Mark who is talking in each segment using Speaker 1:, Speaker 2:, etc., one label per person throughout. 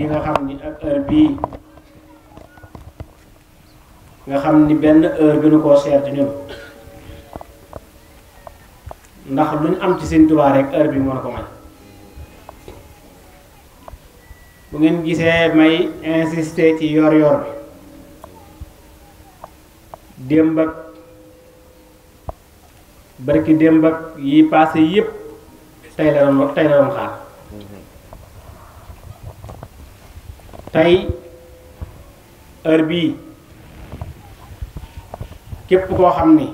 Speaker 1: bi nga xam ni ak heure bii nga xam ni benn heure gënu ko seer ci ñun ndax lu ñu am ci seen Tuubaa rek heure bi moo na ko may bu ngeen gisee may insister ci yor yor bi démb ak barki démb ak yi passé yépp tey la xaar tey heure bii képp koo xam ni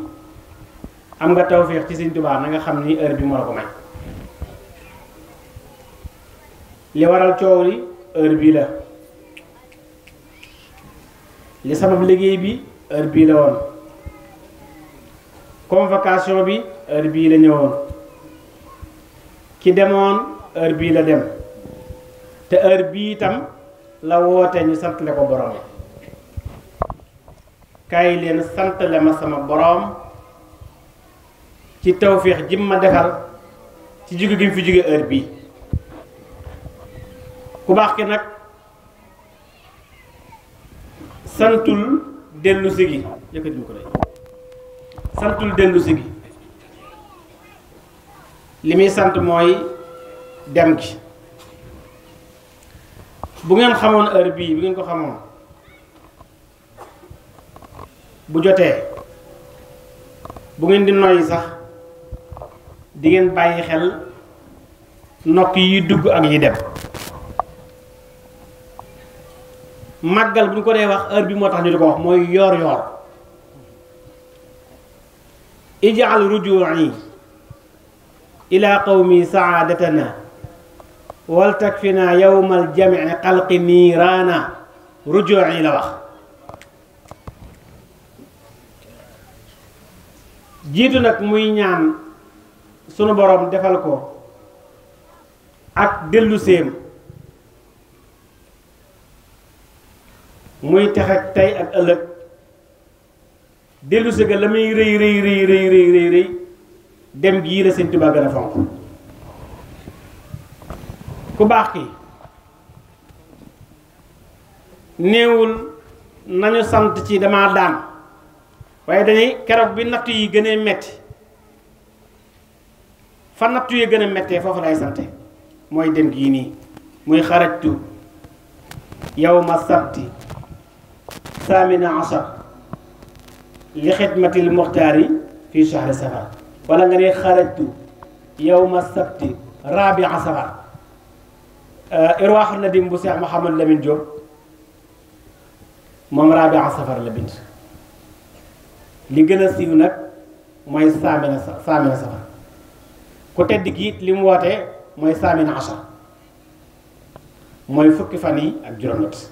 Speaker 1: am nga tawféex ci Sëñ Tuubaa na nga xam ni heure bi moo la ko may li waral coow li heure bii la li sabab liggéey bi heure bii la woon convocation bi heure bii la ñëwoon ki demoon heure bii la dem te heure bii itam la woote ñu santale ko boroom kaay leen santale ma sama boroom ci tawféex jim ma ci jóge gi mu fi jóge heure bii ku baax ki nag santul dellu si gi santul dellu gi li muy sant mooy dem gi bu ngeen xamoon heure bii bu ngeen ko xamoon bu jotee bu ngeen di noyyi sax di ngeen bàyyi xel nokk yi dugg ak yi dem màggal bu ñu ko dee wax heure bi moo tax ñu di ko wax mooy yoor yoor ijaal ruju'i ila qawmi saadatana wal takfina yowmal jame xalqi niiraana rujuuci la wax jiitu nag muy ñaan sunu boroom defal ko ak dellu séem muy tex tey ak ëllëg dellu si la muy rëy rëy rëy rëy rëy rëy dem gii la Sëñ Tuubaa gën a ku baax ki néewul nañu sant ci dama daan waaye dañuy keroog bi nattu yi gën a metti fa nattu yi gën a mettee foofu lay sante mooy dem gii nii muy xarajtu yawma sabti samina ashar li xidmatil muxtaari fi shahri safar wala nga ne xarajtu yawma sabti rabi safar Euh, irwaaxul nadim bu Cheikh Mouhamad Lamine Diop moom Rabia safar la bind li gën a siiw nag mooy saamina saamina safar ku tedd gi li mu wootee mooy saamina achar mooy fukki fan yi ak juróom-ñett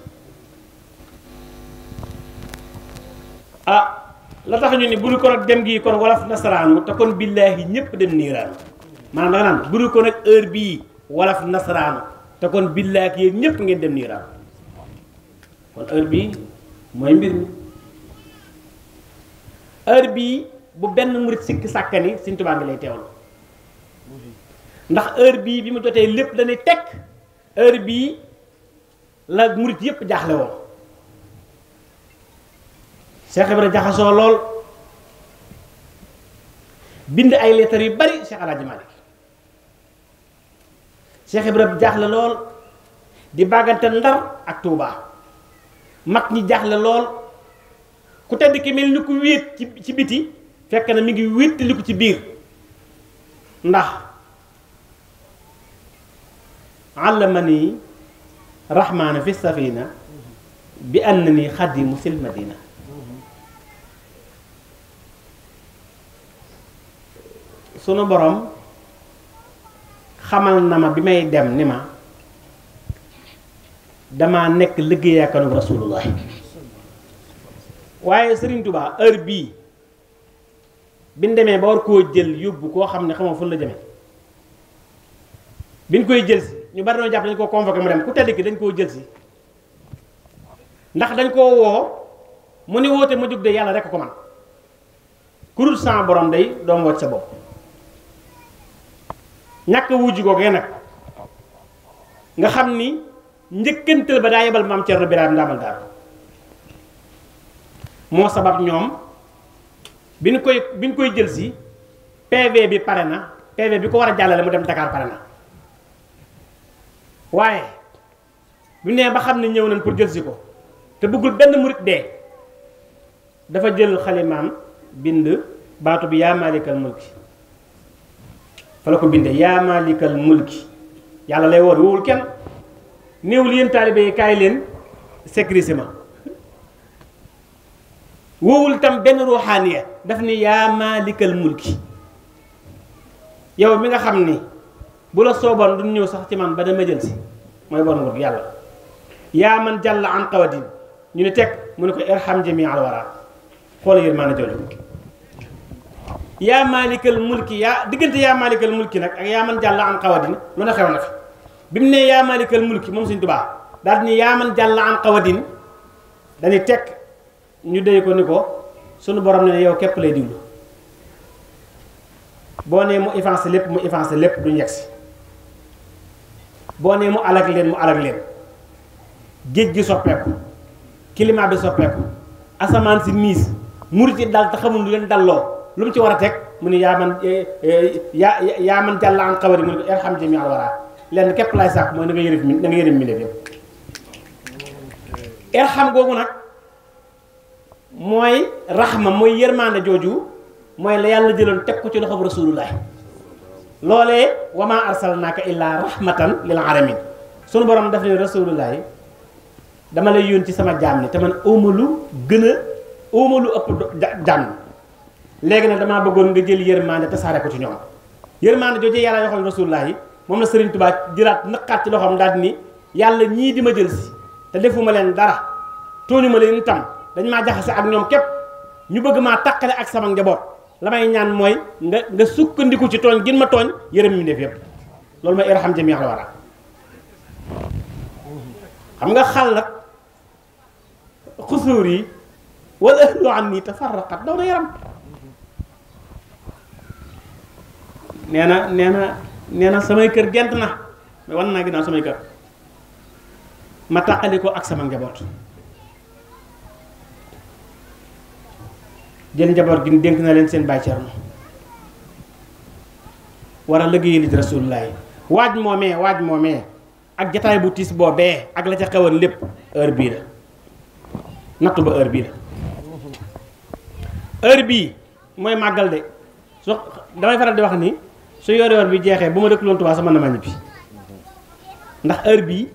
Speaker 1: ah la tax ñu ni buru ko nag dem gii kon wolof nasaraanu te kon billaahi ñépp dem niiraanu maanaam da nga naan buru ko nag heure bii wolof nasaraanu te kon billaay ak yéen ñëpp ngeen dem niiraan kon heure bii mooy mbir mi heure bu benn murit sikk sàkkani Sëñ Tuubaa ngi lay teewal ndax heure bii bi mu jotee lépp dañuy teg heure bii la murit yépp jaaxle woon Cheikh Ibra jaxasoo lool bind ay lettres yu bari Cheikh Alaaji Cheikh Ibrahima jaaxle lool di bàggante Ndar ak Tuubaa mag ñi jaaxle lool ku tedd ki mel ku wéet ci biti fekk na mi ngi wéttaliku ci biir ndax allamani rahmaana fi safina bi na ni xadimu sil madina sunu borom xamal na ma bi may dem ni ma damaa nekk liggéeyaakanu rasulullah waaye sëriñ tubaa heure bii biñ demee ba war koo jël yóbbu koo xam ne xamoo fu la jëmee biñ koy jël si ñu bari doon jàpp dañ koo convoqué mu dem ku tedd ki dañ koo jël si ndax dañ koo woo mu ni woote ma jóg de yàlla rek ko man kurut sama borom day doom wacc sa bopp ñàkk a ko googee nag nga xam ni njëkkantal ba daa yebal maam Thierno Birahim Ndamal Darou moo sabab ñoom bi ñu koy bi ñu koy jël si PV bi pare na PV bi ko war a jàllale mu dem Dakar pare na waaye bu nee ba xam ne ñëw nañ pour jël si ko te bëggul benn murit dee dafa jël xalimaan bind baatu bi yaa maalikal mulki fa la ko bindee yaa maalikal mulki yàlla lay woor woowul kenn néew yéen taalibe yi kaay leen sécuriser ma woowul tam benn ruuxaaniya daf ni yaa maalikal mulki yow mi nga xam ni bu la sooboon du ñëw sax ci man ba dama jël si mooy bon nguur yàlla yaa man jàll an qawadin ñu ne teg mu ne ko irham jami al wara xool yéen maa na yaa maalikal mulki yaa diggante yaa maalikal mulki nag ak yaa man jàll an xawadin lu a xew na fi bi mu ne yaa maalikal mulki moom Sëñ Tuubaa daal di ne yaa man jàll an xawadin dañuy teg ñu dey ko ni ko sunu borom ne yow képp lay diglu boo nee mu effacé lépp mu effacé lépp duñu yegsi boo nee mu alak leen mu alak leen géej gi soppeeku climat bi soppeeku asamaan si niis murit dal te xamul lu leen dalloo lu mu ci war a teg mu ne yaa man e, e, yaa yaa man jàll an xawari mu ni ko irham jami al wara lenn képp laay sàkk mooy na nga yërëm mi na irham googu nag mooy raxma mooy yërmaande jooju mooy la yàlla jëloon teg ko ci loxob rasulullah loolee wama arsalnaaka illaa rahmatan lil alamin sunu borom daf ne rasulullah dama lay yónni ci sama jaam ni te man óomalu gën a óomalu ëpp jaam léegi nag damaa bëggoon nga jël yërmande tasaare ko ci ñoom yërmande jooju yàlla yoxal rasulullah yi moom la Serigne Touba jëlaat naqaat ci loxoom daal nii yàlla ñii di ma jël si te defuma leen dara tooñu ma leen tam dañ maa jaxase ak ñoom képp ñu bëgg maa tàqale ak sama njaboot la may ñaan mooy nga nga sukkandiku ci tooñ gin ma tooñ yërëm mi def yëpp loolu mooy irham jami'al wara xam nga xal nag xusuur yi wala ahlu an nii tafarraqat daw na nee na nee na nee na samay kër gent na mais wan naa ginnaaw samay kër ma tàqali ak sama njaboot jël njaboot gi dénk na leen seen bàyyi Cerno war a liggéey li Rasulullaay waaj moomee waaj moomee ak jataay bu tiis boobee ak la ca xewoon lépp heure bii la nattu ba heure bii la heure bii mooy màggal de so damay faral di wax ni su yoor yoor bi jeexee bu ma dëkkuloon Tuubaa sama na ma ñibbi ndax heure bii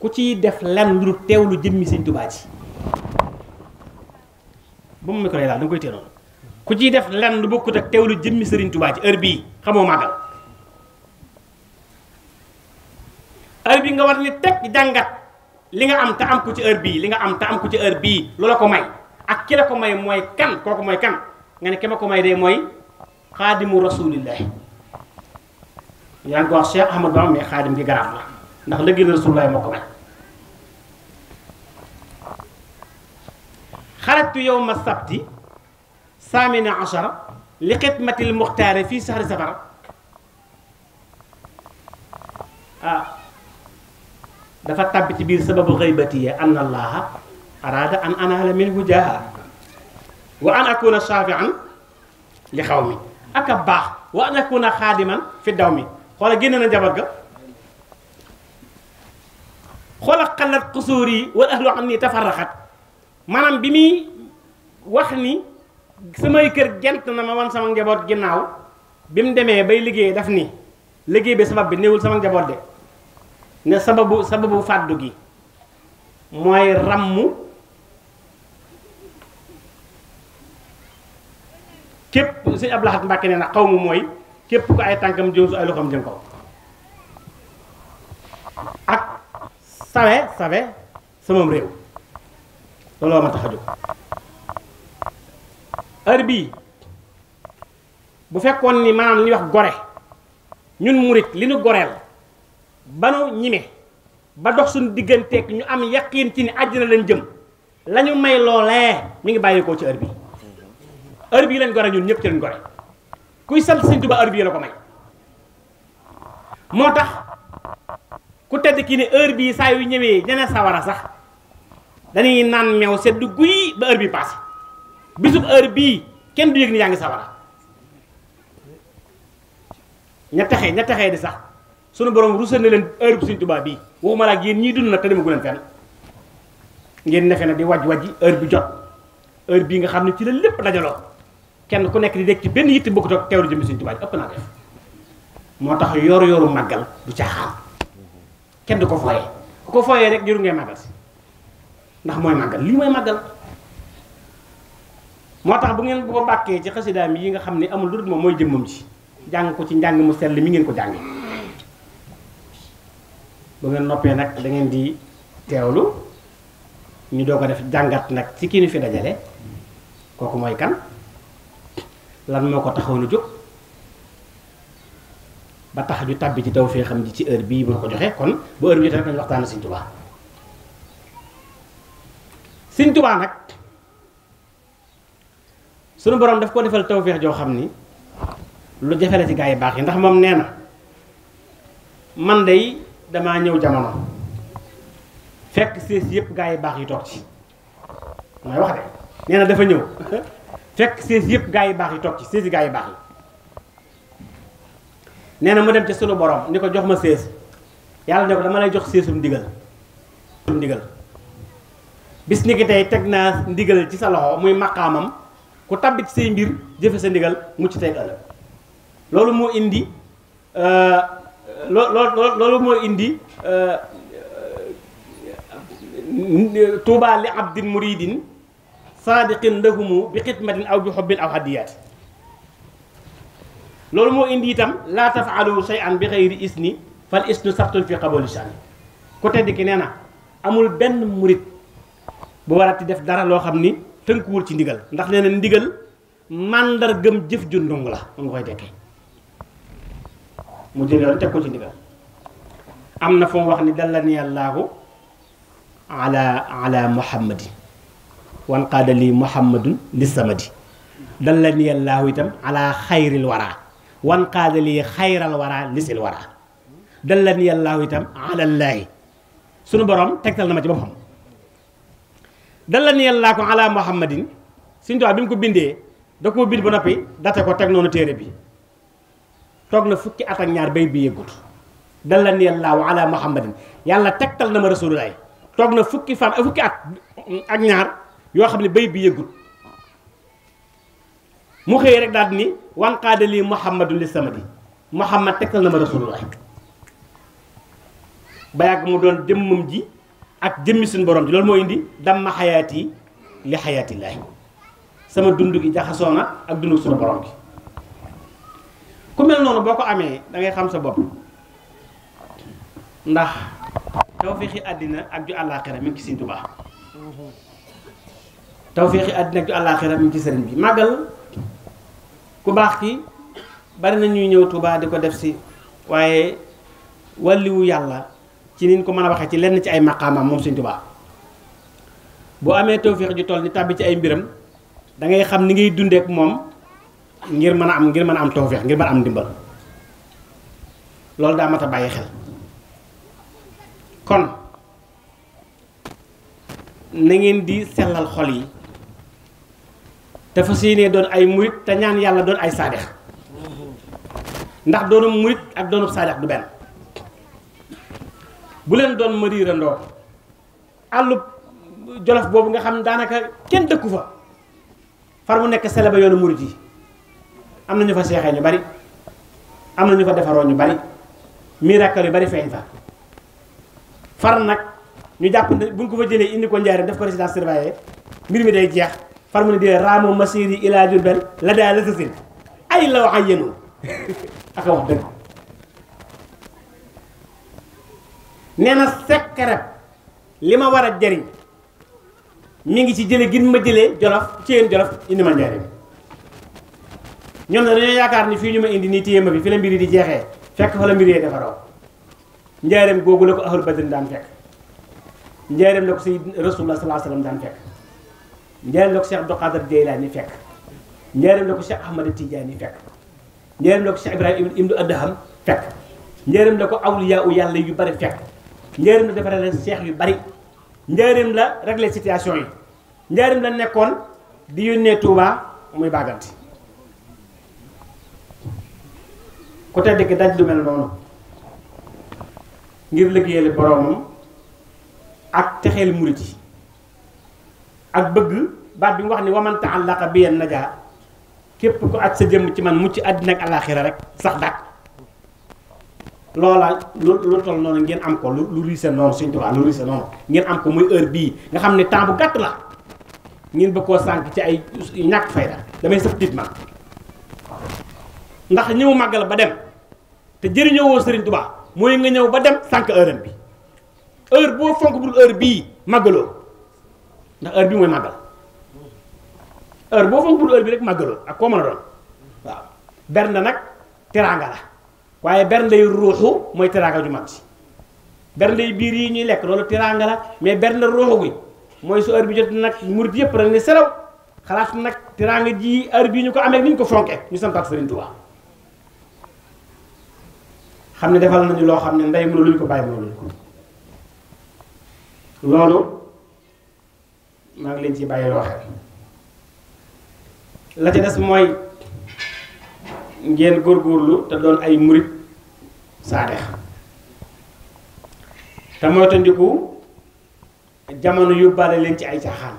Speaker 1: ku ciy def lenn lu teewlu jëmmi sëñ Tuubaa ji bu mu ku ciy def lan lu bokkut ak teewlu jëmmi sëriñ Tuubaa ji heure bii xamoo màggal heure bii nga war ni teg jàngat li nga am te am ko ci heure bii li nga am te am ko ci heure bii loola ko may ak ki la ko may mooy kan kooku mooy kan nga ne ki ma ko may de mooy xaadimu rasulillah yaa ngi ko wax Cheikh Ahmad Bamba mais xaadim gi garaat la ndax lëggéeyal rasulillah moo ko may xarajtu yowma sabti saamina achara li xidmatil muxtaare fii saxri safara ah dafa tàbbi ci biir sababu xëybati an allaha araada an anaala minhu jaaha wa an akuna shaafian li xaw mi ak a baax wa an na xaadiman fi daw mi xoola génne na njaboot ga xoola xalat xusuur yi wal ahlu am ni tafarraxat maanaam bi muy wax ni samay kër gent na ma wan sama njaboot ginnaaw bi mu demee bay liggéey daf ni liggéey bi sabab bi néewul sama njaboot de ne sababu sababu fàddu gi mooy ràmm képp sëñ Abdou Lahad Mbàkke nee na xaw mu mooy képp ko ay tànkam jëm su ay loxoom jëm kaw ak sawe sawe samam réew looloo ma tax a jóg heure bu fekkoon ni maanaam li ñuy wax gore ñun murit li ñu goreel ba nu ñime ba dox suñu digganteeg ñu am yaqiin ci ni àjjana leen jëm la ñu may loolee mi ngi bàyyeekoo ci heure heure bii lañ gore ñun ñëpp ci lañ gore kuy sant sëñ Tuubaa heure bii la ko may moo tax ku tedd kii ne heure bii saa yu ñëwee ñene sawara sax dañuy naan meew sedd guy ba heure bii passé bisub heure bii kenn du yëg ni yaa ngi sawara ña texee ña texee di sax sunu borom rusal na leen heure bu sëñ Tuubaa bii waxuma laa yéen ñii dund na te demagu leen fenn ngeen nefe na di waj waji heure bi jot heure bii nga xam ne ci la lépp dajaloo kenn ku nekk di nekk ci benn yitte bokkut ak teewlu jëm Sëriñ Tuubaa ëpp naa def moo tax yor-yoru màggal du caaxaan kenn du ko fooyee ku ko fooyee rek jëru ngay màggal si ndax mooy màggal lii mooy màggal. moo tax bu ngeen ko bàkkee ci xasidaam yi nga xam ne amul lu dul moom mooy jëmmam ci jàng ko ci njàng mu sell mi ngeen ko jàngee bu ngeen noppee nag dangeen di teewlu ñu doo ko def jàngat nag ci kii nu fi dajale kooku mooy kan. lan moo ko taxawoon a jóg ba tax ñu tàbbi ci taw fee xam ji ci heure bii moo ko joxe kon bu heure bi jotee rek dañu waxtaan Sëñ Tuubaa Sëñ Tuubaa nag sunu borom daf ko defal taw feex joo xam ni lu jafe la ci gaa yi baax yi ndax moom nee na man dey damaa ñëw jamono fekk sées yëpp gaa yi baax yi toog ci mooy wax de nee na dafa ñëw fekk sées yëpp gaa yi baax yi toog ci sées gaa yi baax yi nee na mu dem ci sunu borom ni ko jox ma sées yàlla ne ko dama lay jox séesum ndigal ndigal bis ni teg naa ndigal ci sa loxo muy maqaamam ku tabbi ci say mbir jëfe sa ndigal mu ci tey ëllëg loolu moo indi euh, loo loolu moo indi euh, tuubaa li abdin muridin saadiqin lahumu bi xidmatin aw bi xobbin aw hadiyaati loolu moo indi itam laa tafaalu shay'an bi xayri isni fal isnu sabtun fi qaboli shani ku tedd ki nee na amul benn murit bu warati def dara loo xam ni tënkuwul ci ndigal ndax nee na ndigal màndargam jëf ju ndung la mu nga koy dekkee mu jëloon teg ko ci ndigal am na fu wax ni dallani allaahu ala ala muhammadin wan qaada lii muhammadun li samadi dallani allaahu itam ala xayril wara wan qaada lii xayral wara lisil wara dallani allaahu itam alallaahi sunu borom tegtal na ma ci boppam dallani allaahu ala muhammadin suñu tubaab bi mu ko bindee da ko bind ba noppi date ko teg noonu téere bi toog na fukki at ak ñaar bay bi yëggut dallani allaahu ala muhammadin yàlla tegtal na ma rasulullaay toog na fukki fan fukki at ak ñaar yoo xam ne bay bi yëggut mu xëy rek daal ni wanqaade lii muhammadu li samadi muhammad tegtal na ma rasulullah ba yàgg mu doon jëmmam ji ak jëmmi suñu borom ji loolu moo indi damma xayaat yi li xayaatillaahi sama dund gi jaxasoo na ak dund suñu borom gi ku mel noonu boo ko amee da xam sa bopp ndax tawféexi àddina ak ju àllaaxira mi ngi ci Sëñ tawféexi àddina ak àllaaxira mi ci sëriñ bi màggal ku baax ki bari na ñuy ñëw tubaa di ko def si waaye wàlliwu yàlla ci niñ ko mën a waxee ci lenn ci ay maqaamam moom seen Touba boo amee tawféex ju toll ni tàbbi ci ay mbiram dangay xam ni ngay dundee moom ngir mën a am ngir mën a am tawféex ngir mën a am ndimbal loolu daa mat a bàyyi xel kon na ngeen di sellal xol yi te fas doon ay murit te ñaan yàlla doon ay saadex ndax doonum murit ak doonu saadex du benn bu doon ma riirandoo àllub jolof boobu nga xam daanaka kenn dëkku fa far bu nekk sele ba yoonu murit yi am na ñu fa seexee ñu bari am na ñu fa defaroo ñu bari miracle yu bari feeñ fa far nag ñu jàpp ne buñ ko fa jëlee indi ko njaareen def ko résidence mbir mi day jeex far mu ne dee raamu masiri ila jurbel la daa lësasin ay la wax a yénu aka wax dëgg nee na sekkarab li ma war a jariñ mi ngi ci jële gin ma jëlee jolof ci yéen jolof indi ma njariñ ñoom na dañoo yaakaar ni fii ñu ma indi nii téye ma bi fi la mbir yi di jeexee fekk fa la mbir yee defaroo njaareem googu la ko ahlu badrin daan fekk njaareem la ko si rasulullah sallallahu alayhi daan fekk njëriñ la ko Cheikh Abdou Khadir Jeylaani fekk njëriñ la ko Cheikh Ahmada Tijaani fekk njëriñ ko fekk njëriñ la ko awliyaa u yàlla yu bari fekk njëriñ la defaree leen seex yu bari njëriñ la regle situation yi njëriñ la nekkoon di yónnee Touba muy bàgganti ku tey dëkk daj lu mel noonu ngir liggéeyal boroomam ak texeel murit ak bëgg baat bi mu wax ni waman taallaqa bi yan najaa képp ko aj sa jëmm ci man mu ci àddina ak alaaxira rek sax dàq loola lu lu toll noonu ngeen am ko lu riise noonu suñ tubaab lu riise noonu ngeen am ko muy heure bii nga xam ne temps bu gàtt la ngeen bëgg koo sànq ci ay ñàkk fayda damay sëf tiit ma ndax ñëw màggal ba dem te jëriñoo woo sëriñ Tuubaa mooy nga ñëw ba dem sànq heure bi heure boo fonk bul heure bii màggaloo ndax heure bii mooy màggal heure boo foog bul heure bi rek màggaloo ak koo mën a doon waaw bernde nag teraanga la waaye bernde yu ruuxu mooy teraanga ju mag si bernde yu biir yi ñuy lekk loolu teraanga la mais bernde ruuxu gi mooy su heure bi jot nag murit yëpp dañ ne selaw xalaat nag teraanga ji heure bii ñu ko amee ni ñu ko fonkee ñu santaat Sëriñ xam ne defal nañu loo xam ne ndey mënu luñ ko bàyyi mënu luñ ko loolu maa ngi leen ci bàyyi loo xel la ca des mooy ngeen góorgóorlu te doon ay murit saadex te moytandiku jamono yu yóbbaale leen ci ay caaxaan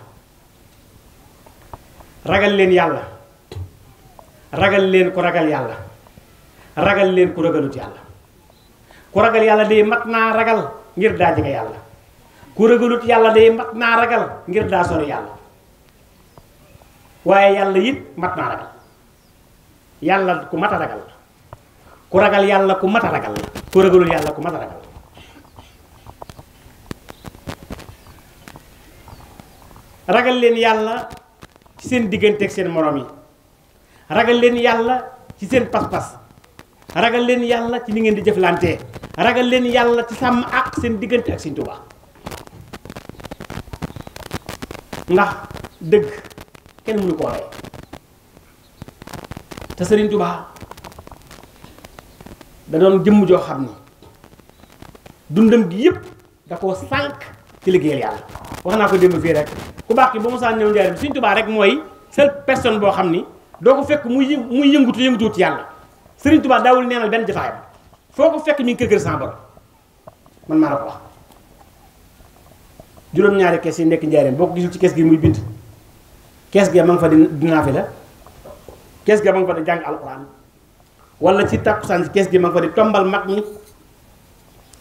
Speaker 1: ragal leen yàlla ragal leen ku ragal yàlla ragal leen ku ragalut yàlla ku ragal yàlla day mat naa ragal ngir daa jege yàlla ku ragalut yàlla day mat naa ragal ngir daa sori yàlla waaye yàlla yit mat naa ragal yàlla ku mat a ragal la ku ragal yàlla ku mat a ragal la yàlla ku mat a ragal leen yàlla ci seen diggante ak seen morom yi ragal leen yàlla ci seen pas-pas ragal leen yàlla ci li ngeen di jëflante ragal leen yàlla ci sàmm ak seen diggante ak seen Tuubaa ndax dëgg kenn mënu koo rey te Serigne Touba da doon jëmm joo xam ni dundam gi yëpp da koo sànq ci liggéeyal yàlla wax naa ko démb fii rek ku baax ki ba mu saan ñëw njaarim Serigne Touba rek mooy seule personne boo xam ni doo ko fekk muy yë muy yëngutu yëngutuwut yàlla Serigne Touba daawul neenal benn jafaayam foo ko fekk mi ngi kër kër sans borom man maa la ko wax juróom-ñaari kees yi nekk njaarim boo ko gisul ci kees gi muy bind. kees gee ma nga fa di dinaafi la kees gee ma nga fa di jàng alxuraan wala ci tàkkusaan si kees gi ma nga fa di tombal mag ñi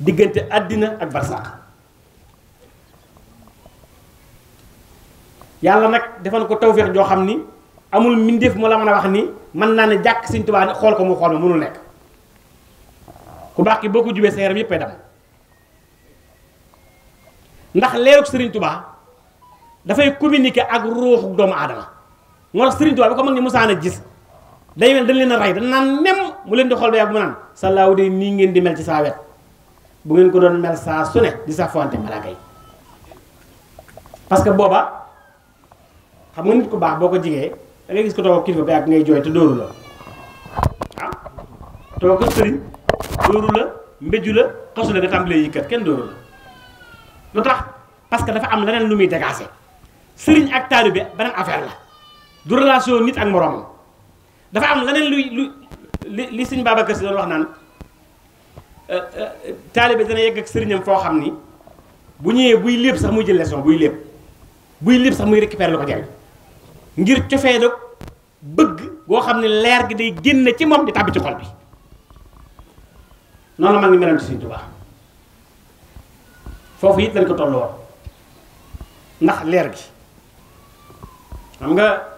Speaker 1: diggante àddina ak barsaax yàlla nag defal ko tawféex joo xam ni amul mbindeef mu la mën a wax ni mën naa ne jàkk Sëñ Tuubaa xool ko mu xool ma mënul nekk ku baax ki boo ko jubee sa yaram yëppay dam ndax leeruk Sëriñ Tuubaa dafay communiquer ak ruuxu doomu aadama moo tax Serigne Touba bi ko mag ñi mosaan gis day mel dañ leen a rey dañ naan nem mu leen di xool ba yàgg mu naan sa de nii ngeen di mel ci saa wet bu ngeen ko doon mel saa su di sa fonte malaaka yi parce que booba xam nga nit ku baax boo ko jigee da ngay gis ko toog kilifa ba yàgg ngay jooy te dóoru la waaw ah? toog ko sëriñ dóoru la mbéju la xasu la yëkkat kenn dóoru lu tax parce que dafa am leneen lu muy dégager sëriñ ak taalibe beneen affaire la du relation nit ak moroomam dafa am leneen luy lu li li sëñ Babacar Si doon wax naan euh, euh, taalibe dana yegg ak sëriñam foo xam ni bu ñëwee buy lépp sax muy jël leçon buy lépp buy lépp sax muy récupérer lu ko jariñ ngir cofee nag bëgg boo xam ne leer gi day génn ci moom di tàbbi ci xol bi noonu mag ñi meloon ci Sëriñ Tuubaa foofu it lañ ko tolloo woon ndax leer gi xam nga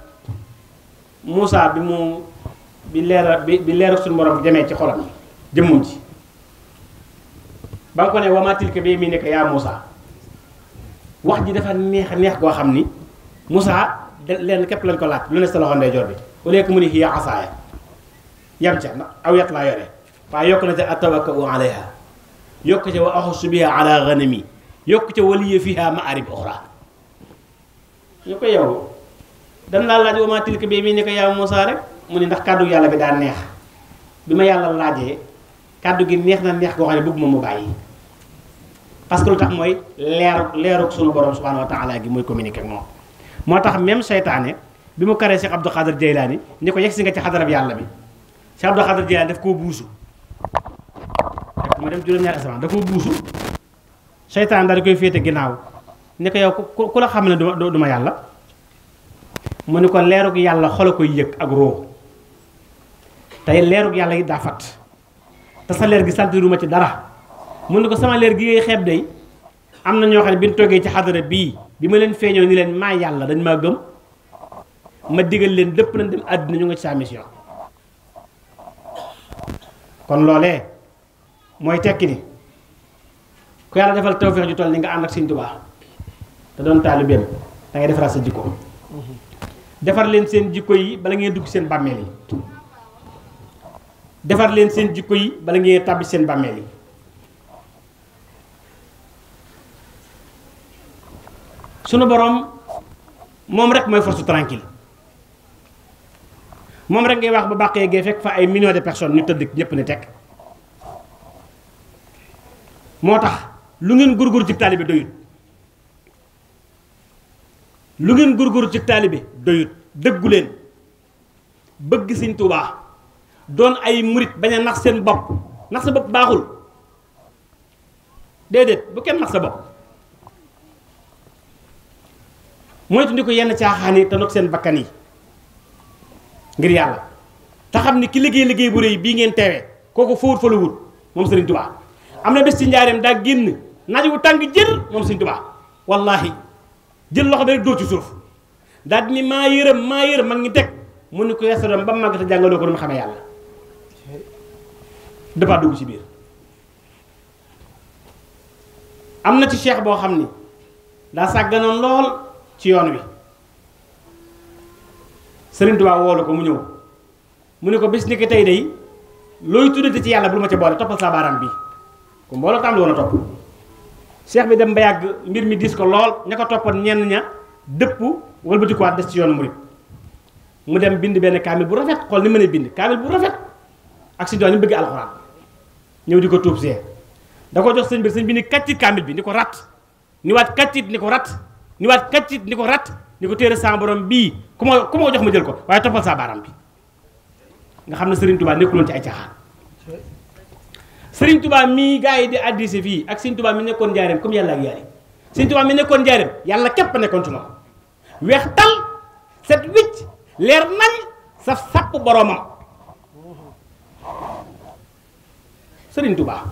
Speaker 1: Moussa bi mu bi leera bi bi leera suñu borom demee ci xolam jëmmum ji ba nga ko ne wama tilka bi yaminika yaa Moussa wax ji dafa neex a neex goo xam ni musaa de leen képp lañ ko laaj lu ne sa loxo ndeyjoor bi au lieu que mu ne hiya asaaya yam ca aw laa yore waaye yokk na ca atawakkau alayha yokk ca wa axusu biha ala ganami yokk ca waliya fiha maarib oxra ñu ko yow dan laa laaj wa maa bi mii ni ko yaa rek mu ne ndax kàddu yàlla bi daa neex bi ma yàlla laajee kàddu gi neex na neex goo xam ne mu bàyyi parce que lu tax mooy leeru leeruk sunu borom subhaanahu wa gi mooy communiquer ak moom moo tax même seytaane bi mu karee Cheikh Abdou Khadir Jeylaani ni ko yegg si nga ci xadarab yàlla bi Cheikh Abdou Khadir Jeylaani daf koo buusu moo dem juróom-ñaari asamaan daf koo buusu seytaane daal koy féete ginnaaw ni ko yàlla mu ni ko leerug yàlla xol a koy yëg ak roo tey leeru yàlla yi daa fat te sa leer gi santiruma ci dara mu ni ko sama leer gi ngay xeeb day am na ñoo xam bi ñu toogee ci xadara bii bi ma leen feeñoo ni leen maa yàlla dañ maa gëm ma digal leen dëpp nañ dem àddina ñu nga ci sa mission kon loolee mooy tekki ni ku yàlla defal tawféex ju toll ni nga ànd ak Sëñ Tuubaa te doon taalibeem da ngay defaraat sa jikko defar leen seen jikko yi bala ngeen dugg seen bàmmeel yi defar leen seen jikko yi bala ngeen tàbbi seen bàmmeel yi sunu boroom moom rek mooy force tranquille moom rek ngay wax ba bàqee gee fa ay millions de personnes ñu tëdd ñëpp ni tekk moo tax lu ngeen gurgur ci taalibe doyut lu ngeen góorgóorlu ci taalibe doyut dëggu leen bëgg Sëñ Tuubaa doon ay murit bañ a nax seen bopp nax sa bopp baaxul déedéet bu kenn nax sa bopp moytu ndi ko yenn caaxaan yi te not seen bakkan yi ngir yàlla te xam ni ki liggéey liggéey bu rëy bii ngeen teewee kooku fawut fa la wut moom Sëriñ Tuubaa am na bés ci njaareem daa génn naaj wu tàng jër moom Sëriñ Tuubaa wallaahi jël loxo bi rek dóor ci suuf daal di ni maa yërëm maa yërëm mag ñi teg mu ne ko yeesa doom ba mu màgg te jàngaloo ko nu mu xamee yàlla dafa dugg ci biir am na ci cheikh boo xam ni daa sàgganoon lool ci yoon wi Sëriñ Tuubaa woolu ko mu ñëw mu ne ko bis ni ko tey day looy tuddati ci yàlla bul ma ca boole toppal saa baaraam bii ku mbooloo tam woon a topp seex bi dem ba yàgg mbir mi diis ko lool ña ko toppoon ñenn ña dëpp ko wëlbatikuwaat des ci yoonu murit mu dem bind benn kaamil bu rafet xool ni mën a bind kaamil bu rafet ak si doon ni bëgg alxuraan ñëw di ko tuub see da ko jox sëñ bi sëñ bi ni kaccit kaamil bi ni ko rat ni waat kaccit ni ko rat ni waat ni ko rat ni ko téere sa bii ku ma ku ma jox ma jël ko waaye toppal saa baaraam bi nga xam ne Sëriñ Tuubaa nekkul woon ci ay caaxaan sëriñ tubaa mii gars yi di addise fii ak sëriñ tubaa mi nekkoon njaareem comme yàlla ak yàlla sëriñ tubaa mi nekkoon njaareem yàlla képp nekkoon ci moom weex tal set wicc leer nañ sa sàpp boromam sëriñ tubaa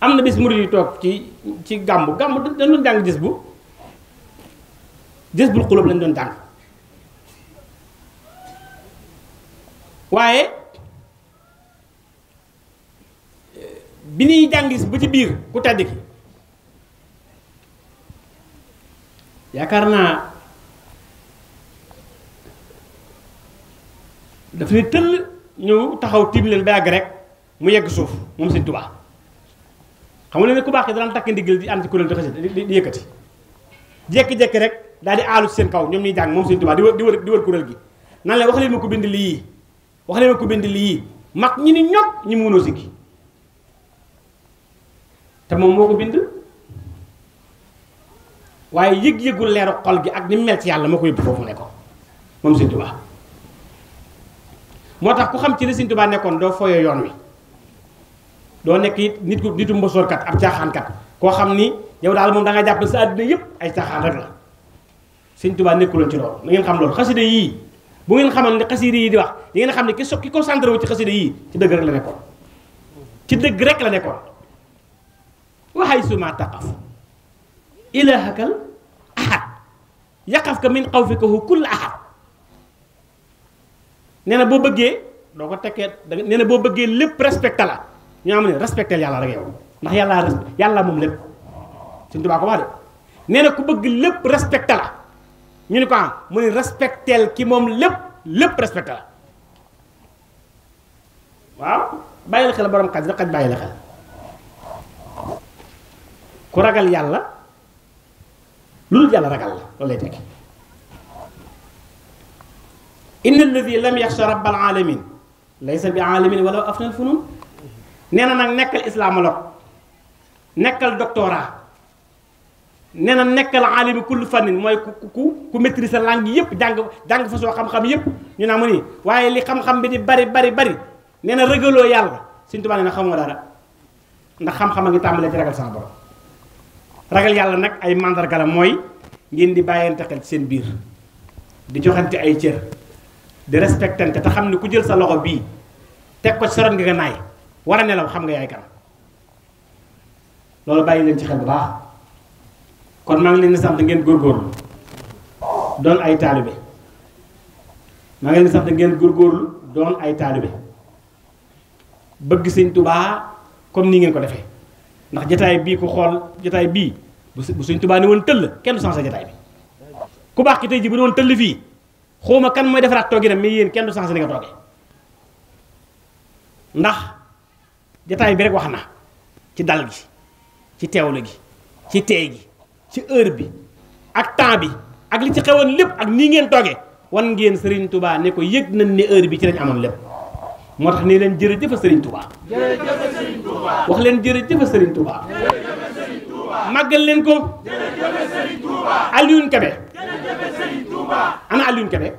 Speaker 1: am na bis murid yi toog ci ci gàmb gàmbu dañ doon jàng gis bu jës bul xulub lañ doon jàng waaye bi ñuy jàngis ba ci biir ku tedd ki yaakaar naa daf ne tëll ñëw taxaw tiim leen ba yàgg rek mu yegg suuf moom sëñ Tuubaa xam nga ne ku baax ki daan takk ndigal di ànd ci kuréel di xasida di yëkkati jékki-jékki rek daal di aalu ci seen kaw ñoom ñuy jàng moom sëñ Tuubaa di wër di wër di wër kuréel gi nan la wax leen ma ko bind lii wax leen ma ko bind lii mag ñi ni ñot ñi mu mënoo sikki te moom moo ko bind waaye yëg-yëgul leeru xol gi ak ni mel ci yàlla moo ko yóbbu foofu ne ko moom Sëñ Tuubaa moo tax ku xam ci li Sëñ Tuubaa nekkoon doo foyee yoon wi doo nekk it nit ku nitu mbosoorkat ab caaxaankat koo xam ni yow daal moom da jàpp sa àddina yépp ay caaxaan rek la Sëñ Tuubaa nekkuloon ci loolu na ngeen xam loolu xasida yii bu ngeen xamoon xasida yii di wax di xam ne ki so ki concentré wu ci xasida yii ci dëgg rek la nekkoon ci dëgg rek la nekkoon waxay suma taqaf ilaahakal ahad yaqaf ka min xawfika hu kull ahad nee na boo bëggee doo ko tekkee da nee na boo bëggee lépp respecté la ñu am ne respecté yàlla rek yow ndax yàlla yàlla moom lépp ko na ku bëgg lépp respecté ñu ne ko am mu ne respecteel ki moom lépp lépp respecté la waaw bàyyi xel borom xaj rek xaj bàyyi la xel ku ragal yàlla lu dul yàlla ragal la loolu lay tekki inna alladi lam yaxsha rabbal alamin laysa bi alamin wala afnal funun nee na nag nekkal islamologue nekkal doctorat nee na nekkal alimi kulli fannin mooy ku ku ku maîtriser langue yëpp jàng jàng fa soo xam-xam yëpp ñu naa mu ni waaye li xam-xam bi di bari bari bari nee na ragaloo yàlla Sëñ Tuubaa nee na xamoo dara ndax xam-xam a ngi tàmbalee ci ragal sama borom ragal yàlla nag ay màndargala mooy ngeen di bàyyante xel ci seen biir di joxante ay cër di respectante te xam ne ku jël sa loxo bii teg ko ci sa ron nga naay war a nelaw xam nga yaay kan loolu bàyyi leen ci xel bu baax kon maa ngi leen di sant ngeen góor góorgóorlu doon ay taalibe maa ngi leen di sant ngeen góor góorgóorlu doon ay taalibe bëgg sëñ Tuubaa comme ni ngeen ko defee. ndax jataay bii ku xool jataay bii bu suñ tubaa ni woon tëll kenn du sensé jataay bi ku baax ki tey ji bu ne woon tëll fii xawma kan mooy defaraat tooginam mais yéen kenn du sensé ni nga toogee ndax jataay bi rek wax na ci dal gi ci teewlu gi ci teey gi ci heure bi ak temps bi ak li ci xewoon lépp ak nii ngeen toogee wan ngeen Serigne Touba ne ko yëg nañ ni heure bi ci lañ amoon lépp moo tax ne leen jërëjëf Serigne Touba. jërëjëf Serigne leen jërëjëf Serigne Touba. jërëjëf leen ko.
Speaker 2: jërëjëf Serigne Touba.
Speaker 1: Alioune Kébé. jërëjëf
Speaker 2: Serigne Touba.
Speaker 1: ana Alioune Kébé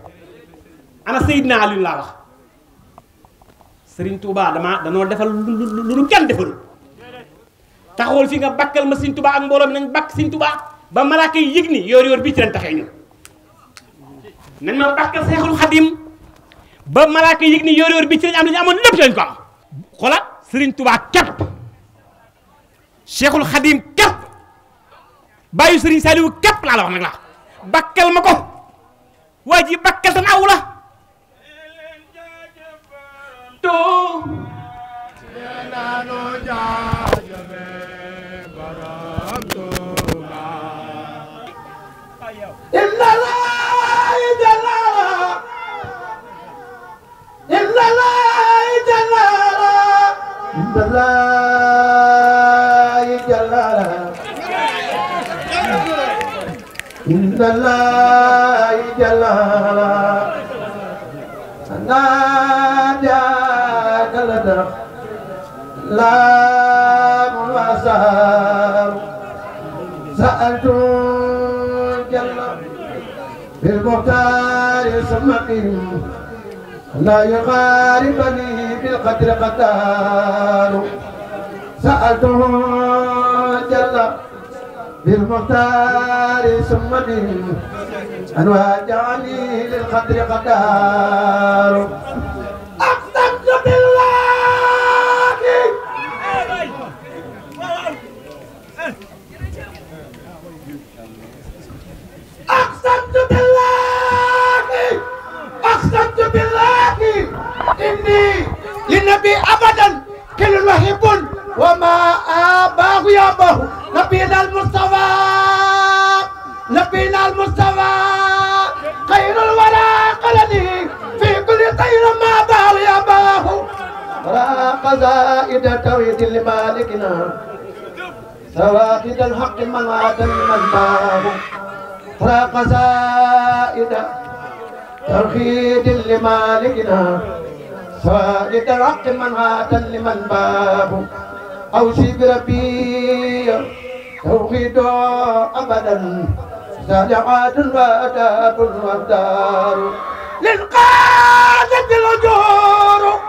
Speaker 1: ana Seydina Alioune laa wax Serigne Touba damaa danoo defal lu lu lu kenn defalul taxawal fi nga bakkal ma Serigne Touba ak mbooloo mi nañ bakk Serigne Touba ba malaaka yi yëg ni yor-yor bii ci leen taxee ñun nañ ma bakkal Seexul Xadim. ba malaaka yëg ni yor-yor bi ci lañ am lañu amoon lépp ci lañ ko am xoolal Serigne Touba képp Khadim képp bàyyi Serigne Saliou képp laa la wax nag la bakkal ma ko waa ji bakkal tan aw la to
Speaker 2: الله جلاله إن الله جلاله أنا جاك لدر لا مناسب سألت جل بالمختار سمقيم لا يقاربني بالقدر قدار سألته جل بالمختار ثم به أن واجعني للقدر قدار مني للنبي أبدا كل محب وما آباه ياباه نبينا المصطفى نبينا المصطفى خير الورى قلده في كل خير ما باه ياباه را قزائد توحيد لمالكنا سواحد الحق من عاد من باه را قزائد توحيد لمالكنا فلترق منعاتا لمن باب أوصي بربي توحيدا أبدا سالعات وأداب والدار للقادة الأجور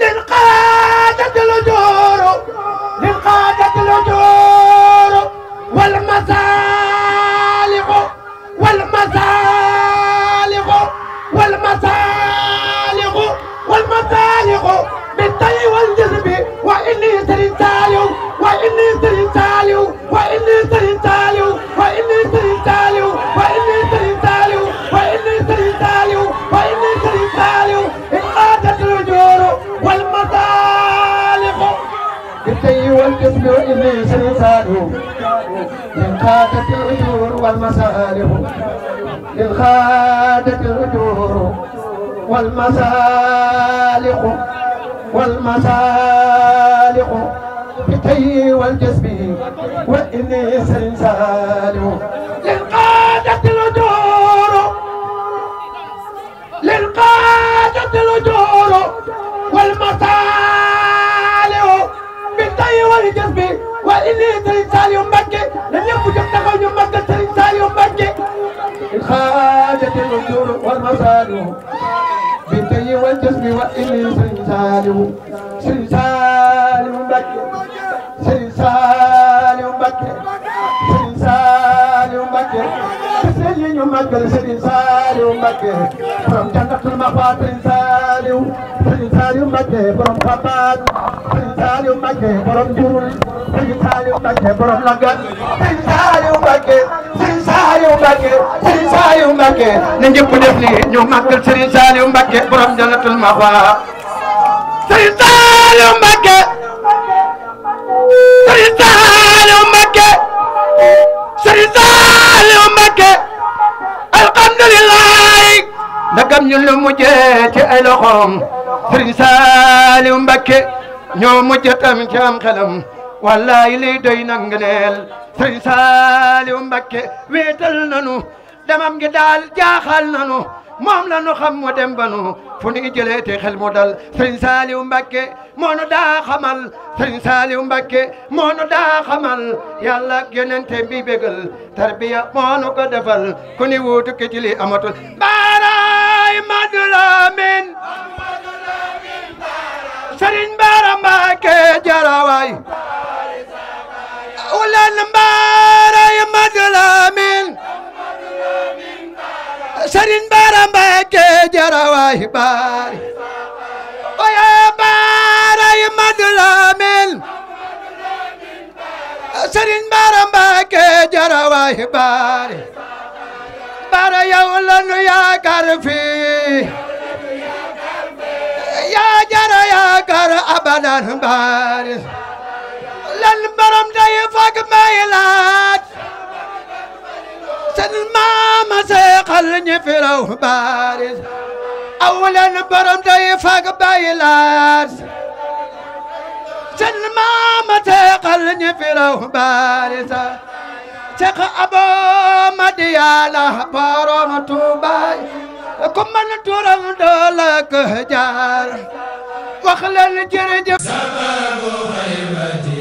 Speaker 2: للقادة الأجور للقادة الأجور والمسالح والمسالح Serigne Saliou wa inni Serigne Saliou wa inni Serigne Saliou wa inni Serigne Saliou wa inni Serigne Saliou wa inni Serigne Saliou wa inni Serigne Saliou iqaadatul jooro wal masaalixu بالتي والكسب وإبليس لسانه من خادة الأجور والمسالح من خادة الأجور والمسالح والمسالح بالحي والجسم والإنس الإنسان للقادة الأجور للقادة الأجور والمصالح بالحي والجسم والإنس الإنسان يمبكي لن يكن يمتقل يمبكي الإنسان يمبكي للقادة الأجور والمصالح بالحي والجسم والإنس الإنسان سلسال مبكي Saliou Mbacké Serigne Saliou Mbacké Serigne ñu màggal Serigne Saliou Mbacké borom jannatul maxwa Serigne Saliou Serigne Saliou Mbacké borom xabaat Serigne Saliou Mbacké borom jurul Serigne Saliou Mbacké borom lagat Serigne Saliou Mbacké Serigne Saliou Mbacké Serigne Saliou Mbacké na ñëpp def ni ñu màggal Serigne Saliou Mbacké borom jannatul maxwa Serigne Saliou Mbacké Serigne Saliou Mbacké Serigne Saliou Mbacké alhamdulilah ndagam ñun lu mujjee ci ay loxoom Serigne Saliou Mbacké ñoo mujj tam ci am xelam wallaay lii doy nang neel Serigne Saliou Mbacké wéetal nanu demam gi daal jaaxal nanu moom la nu xam mu dem ba nu fu ñuy jëlee xel mu dal sëñ Saliou Mbacké moo nu daa xamal sëñ Saliou Mbacké moo nu daa xamal yàlla ak tarbiya moo nu ko ku ni wuutu ki ci li amatul baaraay Madu Lamin sëriñ Baara Mbacké jarawaay ulan baaraay Madu Lamin Serigne Bara Mbacké jarawaay baari oya baaray Madu Lamin Serigne Bara Mbacké jarawaay baari bara yow la nu yaakaar fii yaa jara yaakaar abadan baari lan borom day fag may laat سن ماما سيقلني في روح بارز أولا برم دي فاق بايلات سن ماما سيقلني في روح بارز تق أبو مديالة برم توباي كم من تورم دولك هجار وخلال جرجب سبب غيبتي